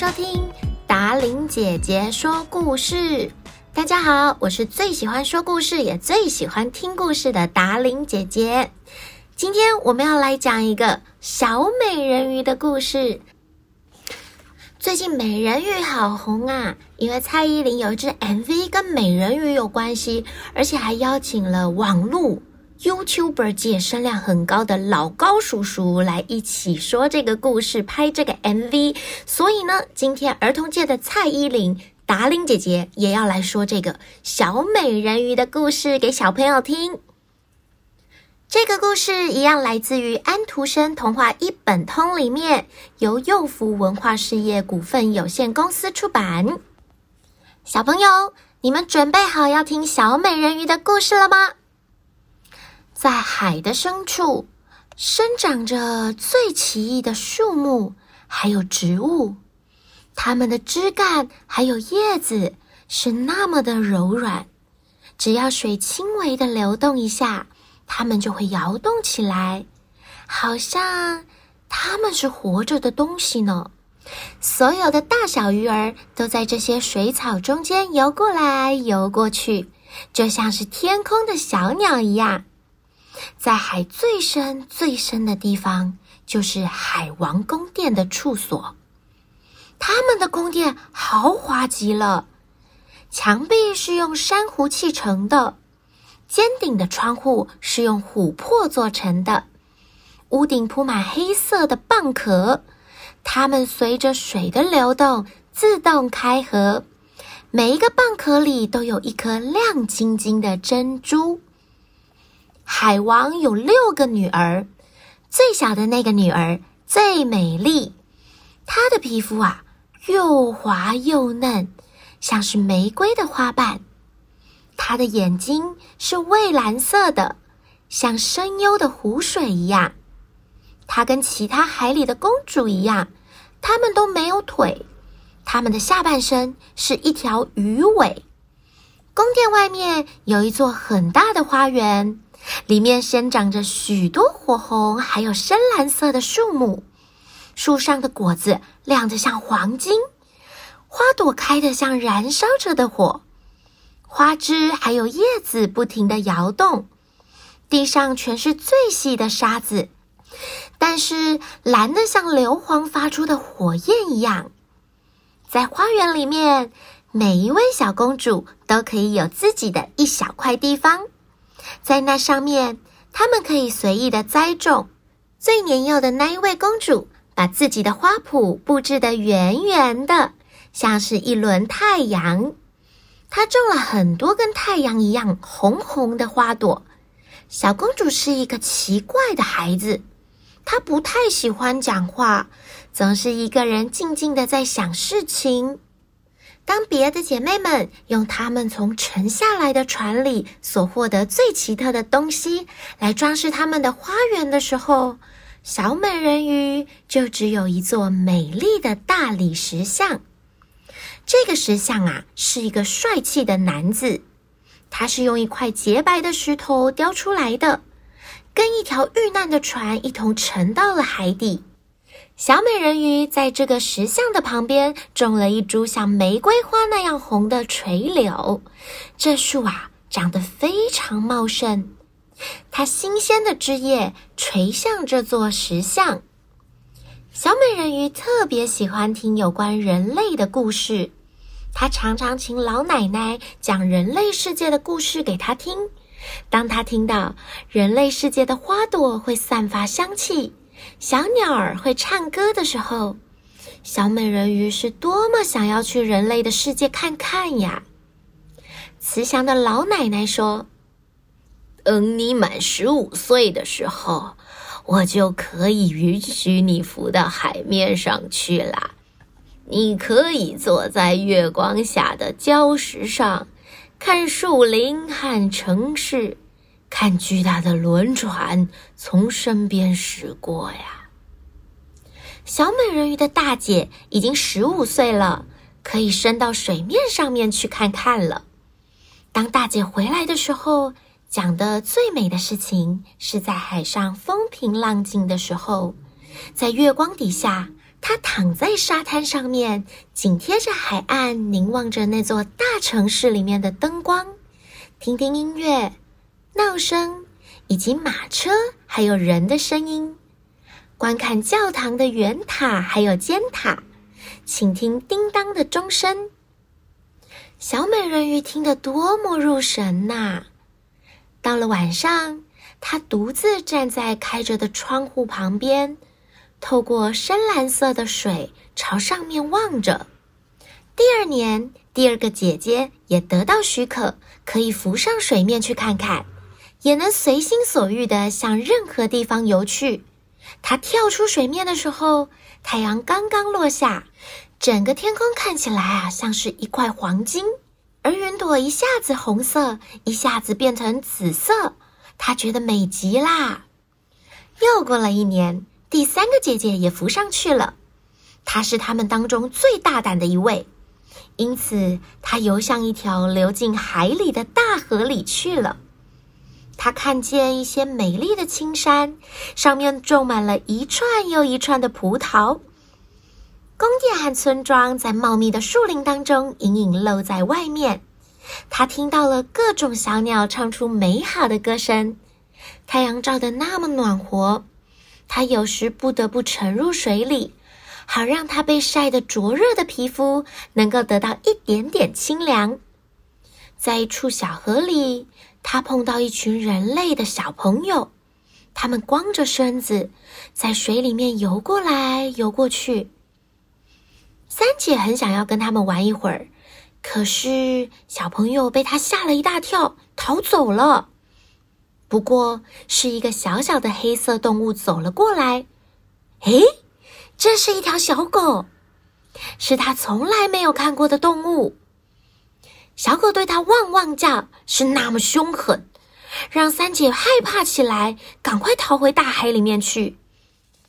收聽達伶姐姐說故事。大家好，我是最喜歡說故事也最喜歡聽故事的達伶姐姐。今天我們要來講一個小美人魚的故事。最近美人魚好紅啊，因為蔡依林有一支 MV 跟美人魚有關係，而且還邀請了網路。YouTuber 界聲量很高的老高叔叔來一起說這個故事，拍這個 MV。所以呢，今天兒童界的蔡依林、達伶姐姐也要來說這個小美人魚的故事給小朋友聽。這個故事一樣來自於《安徒生童話一本通》裡面，由幼福文化事業股份有限公司出版。小朋友，你們準備好要聽小美人魚的故事了嗎？在海的深處，生長着最奇異的樹木，還有植物。它們的枝幹還有葉子是那麼的柔軟，只要水輕微的流動一下，它們就會搖動起來，好像它們是活着的東西呢。所有的大小魚兒都在這些水草中間游過來游過去，就像是天空的小鳥一樣。在海最深、最深的地方，就是海王宮殿的處所。他們的宮殿豪華極了，牆壁是用珊瑚砌成的，尖頂的窗戶是用琥珀做成的，屋頂鋪滿黑色的蚌殼，它們隨着水的流動自動開合。每一個蚌殼裡都有一顆亮晶晶的珍珠。海王有六個女兒，最小的那個女兒最美麗，她的皮膚啊又滑又嫩，像是玫瑰的花瓣。她的眼睛是蔚藍色的，像深幽的湖水一樣。她跟其他海裡的公主一樣，她們都沒有腿，她們的下半身是一條魚尾。宮殿外面有一座很大的花園。裡面生長着許多火紅，還有深藍色的樹木，樹上的果子亮得像黃金，花朵開得像燃燒着的火，花枝還有葉子不停地搖動，地上全是最細的沙子，但是藍得像硫磺發出的火焰一樣。在花園裡面，每一位小公主都可以有自己的一小塊地方。在那上面，他們可以隨意的栽種。最年幼的那一位公主，把自己的花圃布置得圓圓的，像是一輪太陽。她種了很多跟太陽一樣紅紅的花朵。小公主是一個奇怪的孩子，她不太喜歡講話，總是一個人靜靜的在想事情。當別的姐妹們用她們從沉下來的船裡所獲得最奇特的東西來裝飾她們的花園的時候，小美人魚就只有一座美麗的大理石像。這個石像啊，是一個帥氣的男子，他是用一塊潔白的石頭雕出來的，跟一條遇難的船一同沉到了海底。小美人魚在這個石像的旁邊種了一株像玫瑰花那樣紅的垂柳，這樹啊長得非常茂盛，它新鮮的枝葉垂向這座石像。小美人魚特別喜歡聽有關人類的故事，她常常請老奶奶講人類世界的故事給她聽。當她聽到人類世界的花朵會散發香氣，小鳥兒會唱歌的時候，小美人魚是多麼想要去人類的世界看看呀！慈祥的老奶奶說：“等你滿十五歲的時候，我就可以允許你浮到海面上去啦。你可以坐在月光下的礁石上，看樹林，看城市。”看巨大的輪船從身邊駛過呀！小美人魚的大姐已經十五歲了，可以升到水面上面去看看了。當大姐回來的時候，講的最美的事情是在海上風平浪靜的時候，在月光底下，她躺在沙灘上面，緊貼着海岸，凝望着那座大城市裡面的燈光，聽聽音樂。鬧聲，以及馬車還有人的聲音，觀看教堂的圓塔還有尖塔，請聽叮噹的鐘聲。小美人魚聽得多麼入神吶、啊！到了晚上，她獨自站在開着的窗戶旁邊，透過深藍色的水朝上面望着。第二年，第二個姐姐也得到許可，可以浮上水面去看看。也能隨心所欲地向任何地方游去。她跳出水面的時候，太陽剛剛落下，整個天空看起來啊，像是一塊黃金，而雲朵一下子紅色，一下子變成紫色。她覺得美極啦。又過了一年，第三個姐姐也浮上去了。她是他們當中最大膽的一位，因此她游向一條流進海裡的大河裡去了。他看見一些美麗的青山，上面種滿了一串又一串的葡萄。宮殿和村莊在茂密的樹林當中隱隱露在外面。他聽到了各種小鳥唱出美好的歌聲。太陽照得那麼暖和，他有時不得不沉入水裡，好讓他被曬得灼熱的皮膚能夠得到一點點清涼。在一處小河裡，他碰到一群人類的小朋友，他們光着身子，在水裡面游過來游過去。三姐很想要跟他們玩一會兒，可是小朋友被他嚇了一大跳，逃走了。不過，是一個小小的黑色動物走了過來。哎，這是一條小狗，是他從來沒有看過的動物。小狗對它汪汪叫，是那麼凶狠，讓三姐害怕起來，趕快逃回大海裡面去。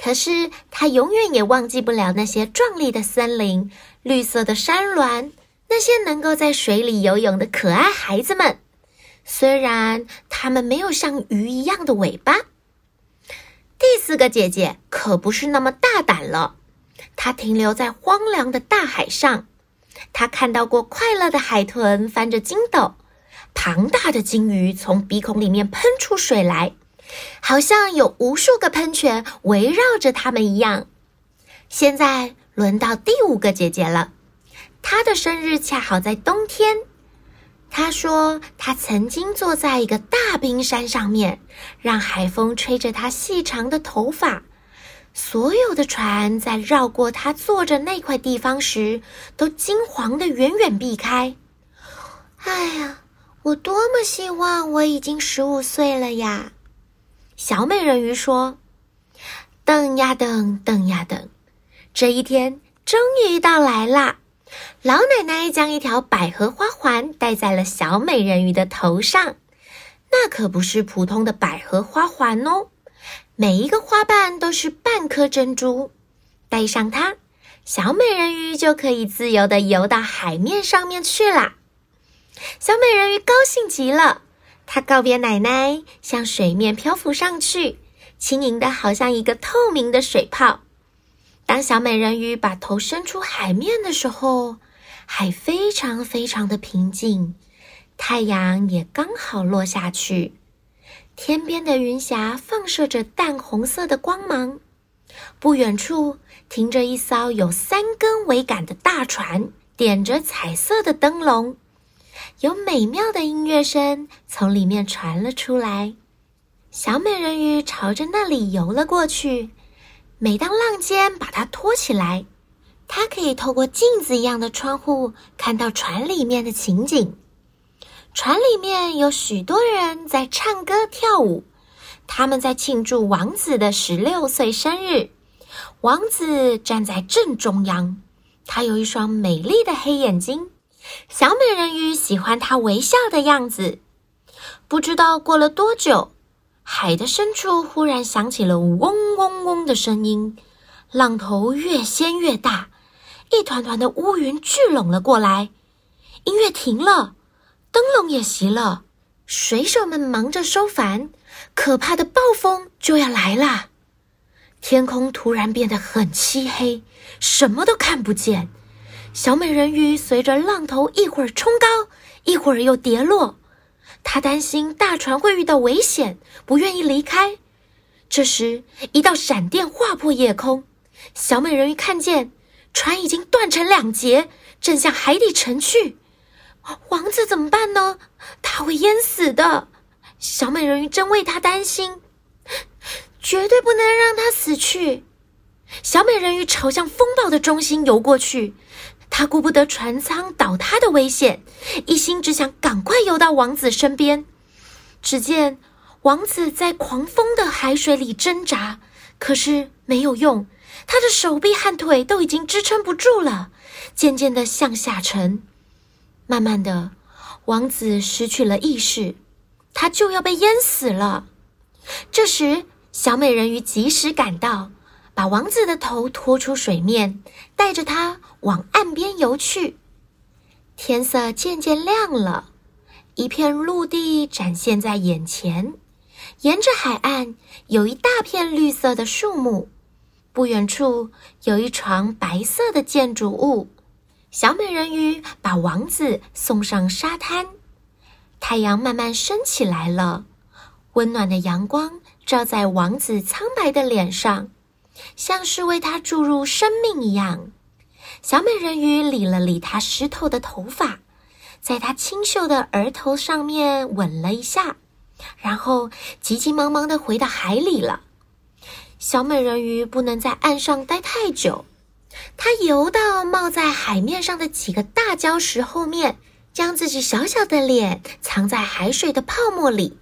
可是她永遠也忘記不了那些壯麗的森林、綠色的山巒、那些能夠在水裡游泳的可愛孩子們，雖然他們沒有像魚一樣的尾巴。第四個姐姐可不是那麼大膽了，她停留在荒涼的大海上。他看到過快樂的海豚翻着筋斗，龐大的鯨魚從鼻孔裡面噴出水來，好像有無數個噴泉圍繞着它們一樣。現在輪到第五個姐姐了，她的生日恰好在冬天。她說她曾經坐在一個大冰山上面，讓海風吹着她細長的頭髮。所有的船在繞過她坐着那塊地方時，都驚慌地遠遠避開。哎呀，我多麼希望我已經十五歲了呀！小美人魚說：“等呀等，等呀等，這一天終於到來了。”老奶奶將一條百合花環戴在了小美人魚的頭上，那可不是普通的百合花環哦，每一個花瓣都是半。顆珍珠，戴上它，小美人魚就可以自由地游到海面上面去了。小美人魚高興極了，她告別奶奶，向水面漂浮上去，輕盈的好像一個透明的水泡。當小美人魚把頭伸出海面的時候，海非常非常的平靜，太陽也剛好落下去，天邊的雲霞放射着淡紅色的光芒。不遠處停着一艘有三根桅杆的大船，點着彩色的燈籠，有美妙的音樂聲從裡面傳了出來。小美人魚朝着那裡游了過去。每當浪尖把它托起來，它可以透過鏡子一樣的窗戶看到船裡面的情景。船裡面有許多人在唱歌跳舞。他們在慶祝王子的十六歲生日，王子站在正中央，他有一雙美麗的黑眼睛，小美人魚喜歡他微笑的樣子。不知道過了多久，海的深處忽然響起了嗡嗡嗡的聲音，浪頭越掀越大，一團團的烏雲聚攏了過來。音樂停了，燈籠也熄了。水手們忙着收帆，可怕的暴風就要來啦！天空突然變得很漆黑，什麼都看不見。小美人魚隨着浪頭一會兒衝高，一會兒又跌落。她擔心大船會遇到危險，不願意離開。這時，一道閃電劃破夜空，小美人魚看見船已經斷成兩截，正向海底沉去。王子怎麼辦呢？他會淹死的。小美人魚真為他擔心，絕對不能讓他死去。小美人魚朝向風暴的中心游過去，她顧不得船艙倒塌的危險，一心只想趕快游到王子身邊。只見王子在狂風的海水裡掙扎，可是沒有用，他的手臂和腿都已經支撐不住了，漸漸的向下沉。慢慢的，王子失去了意識，他就要被淹死了。這時，小美人魚及時趕到，把王子的頭拖出水面，帶着他往岸邊游去。天色漸漸亮了，一片陸地展現在眼前，沿着海岸有一大片綠色的樹木，不遠處有一幢白色的建築物。小美人魚把王子送上沙灘，太陽慢慢升起來了，溫暖的陽光照在王子蒼白的臉上，像是為他注入生命一樣。小美人魚理了理他濕透的頭髮，在他清秀的額頭上面吻了一下，然後急急忙忙的回到海裡了。小美人魚不能在岸上待太久。他游到冒在海面上的幾個大礁石後面，將自己小小的臉藏在海水的泡沫裡。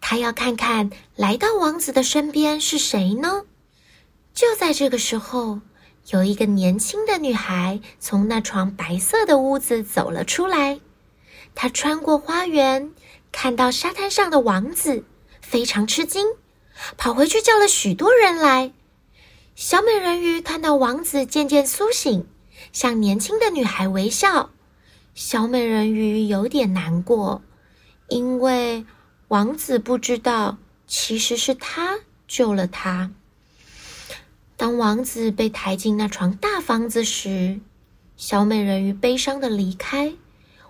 他要看看來到王子的身邊是誰呢？就在這個時候，有一個年輕的女孩從那幢白色的屋子走了出來。她穿過花園，看到沙灘上的王子，非常吃驚，跑回去叫了許多人來。小美人魚看到王子漸漸蘇醒，向年輕的女孩微笑。小美人魚有點難過，因為王子不知道其實是她救了他。當王子被抬進那幢大房子時，小美人魚悲傷的離開，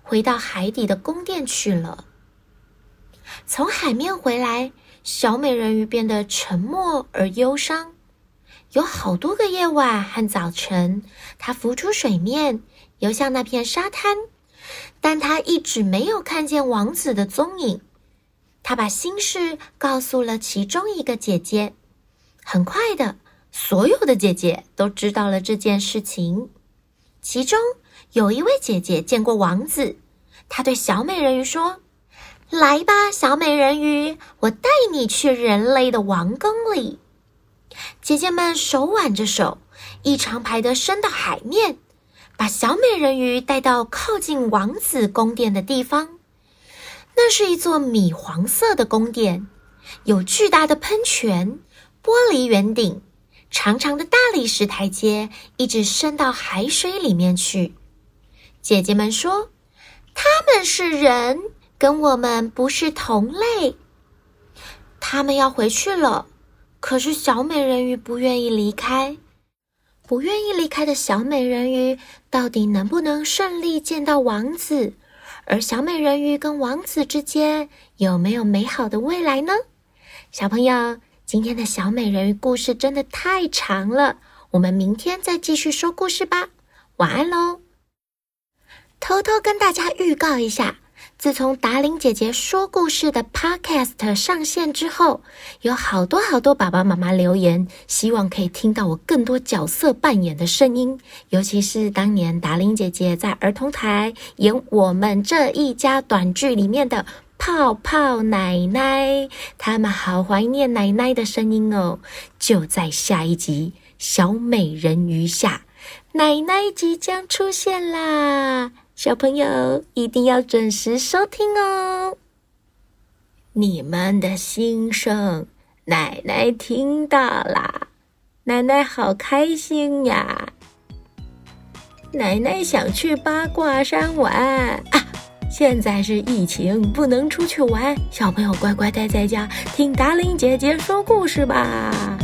回到海底的宮殿去了。從海面回來，小美人魚變得沉默而憂傷。有好多個夜晚和早晨，她浮出水面，游向那片沙灘，但她一直沒有看見王子的蹤影。她把心事告訴了其中一個姐姐。很快的，所有的姐姐都知道了這件事情。其中有一位姐姐見過王子，她對小美人魚說：“來吧，小美人魚，我帶你去人類的王宮裡。”姐姐們手挽着手，一長排的伸到海面，把小美人魚帶到靠近王子宮殿的地方。那是一座米黃色的宮殿，有巨大的噴泉、玻璃圓頂、長長的大理石台階，一直伸到海水裡面去。姐姐們說：“他們是人，跟我們不是同類。他們要回去了。”可是小美人魚不願意離開，不願意離開的小美人魚到底能不能順利見到王子？而小美人魚跟王子之間有沒有美好的未來呢？小朋友，今天的小美人魚故事真的太長了，我們明天再繼續說故事吧。晚安嘍！偷偷跟大家預告一下。自從達伶姐姐說故事的 Podcast 上線之後，有好多好多爸爸媽媽留言，希望可以聽到我更多角色扮演的聲音，尤其是當年達伶姐姐在兒童台演我們這一家短劇裡面的泡泡奶奶，他們好懷念奶奶的聲音哦！就在下一集《小美人魚》下，奶奶即將出現啦！小朋友一定要準時收聽哦！你們的心聲，奶奶聽到啦，奶奶好開心呀！奶奶想去八卦山玩，啊，現在是疫情，不能出去玩，小朋友乖乖待在家，聽達伶姐姐說故事吧。